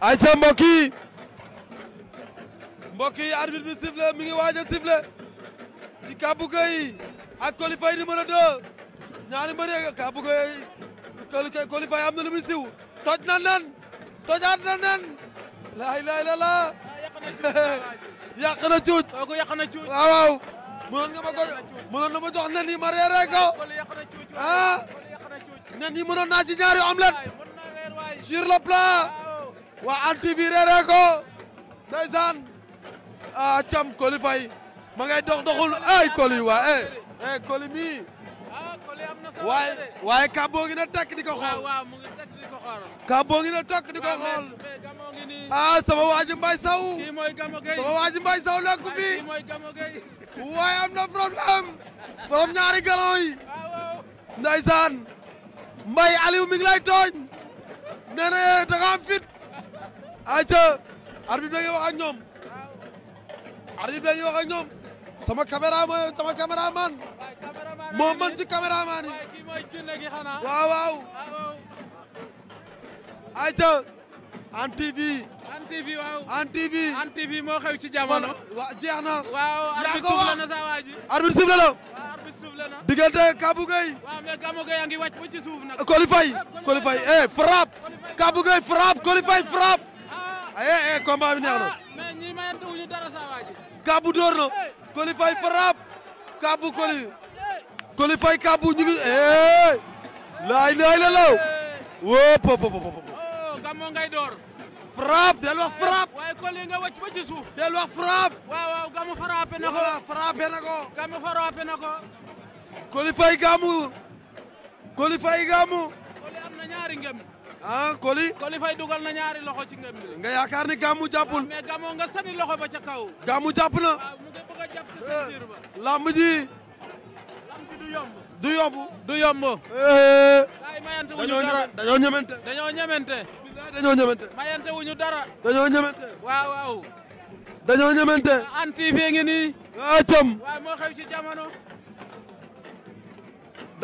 ayca mbokk yi mbokk yi arbitre bi mi ngi waaj a sifflé ci Kabou Gueye ak Coly Faye numéro 2 ñaari mbëri Kabou Gueye Coly Faye am na lu muy siw toj na nan tojaat na nan laay laay la laa na cuuj waaw waaw mënoon nga ma ko mënoon na ma nen yi ma reeree ko ah nen yi mënoon naa ci ñaari omelette sur le plat ah, waa anti bi reeree ko ndeysaan ah cam Coly Faye ma ngay dox doxul ay Coly waa eh eh Coly mii ah, waaye waaye kàbboo ngi na tekk di ko xool kàbboo ngi na tekk di ko xool ah sama waa ji Mbaye sama waa ji Mbaye Sow lekk bi waaye am na problème borom ñaari galon yi ndeysaan Mbaye Aliou na da nga fit ayca arbitre bi da ngay wax ak ñoom arbitre bi da ngay sama caméraman sama caméraman moo mën ci caméraman yi waaw waaw ayca Hann TV Hann TV moo xew ci jamono waaw jeex na waaw yaa ko wax la diggante Kabou Gueye waaw mais Kabou Gueye a ngi wàcc ba ci aye eh, eh, eh combat bi neex na. Ah, mais ñi mayante dara sa Kaabu door na. Coly Faye Kaabu Coly. Coly Faye Kaabu ñu ngi. laay laay la law. wóop wóop wóop wóop. Oh, Gammo door. frapp del wax frapp. waaye Coly nga wàcc ba del wax frapp. waaw waaw Gammo frappé na ko. waaw frappé na ko. Gammo frappé na ko. Coly am na ñaari ah Koli. Koli Faye dugal na ñaari loxo ci ngëm bi. nga yaakaar ni gàmmu jàppul. Ah, mais gàmmu nga sani kaw. gàmmu jàpp na. Ah, eh, du yomb. du yomb. du yomb. Eh, eh. ay mayante wu ñu dara dañoo ñemente. dañoo ñemente. dañoo ñemente. wu ñu dara. dañoo ñemente. waaw waaw. ngi nii. ah cam. waaw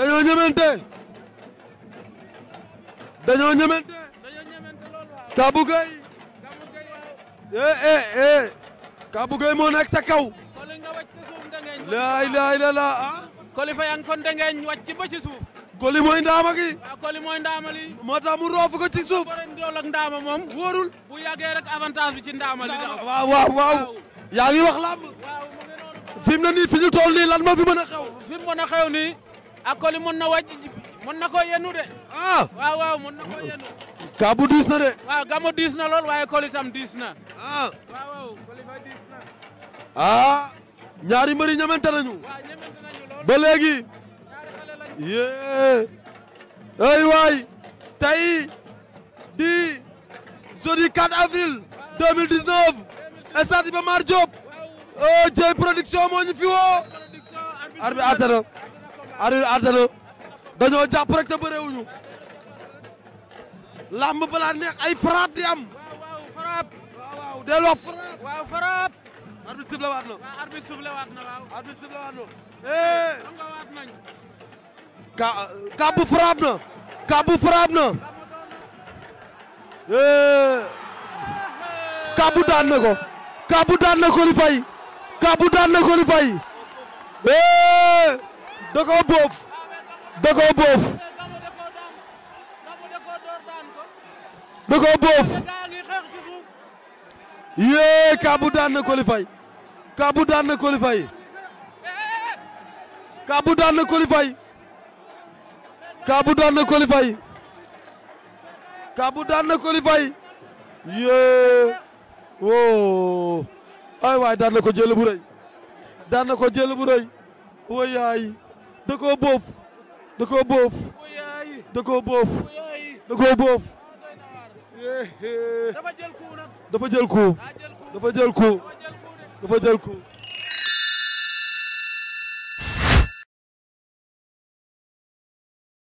moo dañoo ñemente Kabou Gueye eh eh eh Kabou Gueye moo nekk ca kaw laa ilaaha illallaah ah Coly Faye kon da ngeen ci suuf Coly mooy ndaama gi waaw Coly mooy ndaama moo tax mu roofu ko ci suuf dool ak ndaama moom wóorul bu yàggee rek avantage bi ci ndaama li waaw waaw waaw yaa ngi wax làmb fi mu nii fi ñu nii lan moo fi mën a xew fi mu mën xew nii ak Coly mën na wàcc mën na koo yenu de. ah waaw waaw de. waaw Gamo diis na waaye Koli tam diis na. Ah! Ah! ñaari mbëri ñemente nañu. waaw ñemente nañu lool ba léegi. yee. ay waay tey di jeudi 4 avril 2019 Iba Mar Diop. oh Dieye production moo fi woo. arbitre àtte na arbitre àtte na. dañoo jàpp rek te bëreewuñu làmb balaa neex ay frappe di am. waaw frappe. waaw delloo frappe. na. waaw arbitre na waaw. arbitre na. sangawaat eh! eh! daan na ko. kàbbu daan na ko li fay. kàbbu daan na ko li fay. Eh! da koo da koo boof da koo boof yee Kaabu daan na qualify Kaabu daan na qualify Kaabu daan na qualify Kaabu daan daan na qualify yee woo ay waay daan na ko daan na ko jël yaay da koo da koo boof. da koo boof. da koo boof. dafa jël coup nag. dafa jël coup. dafa jël coup. dafa jël coup.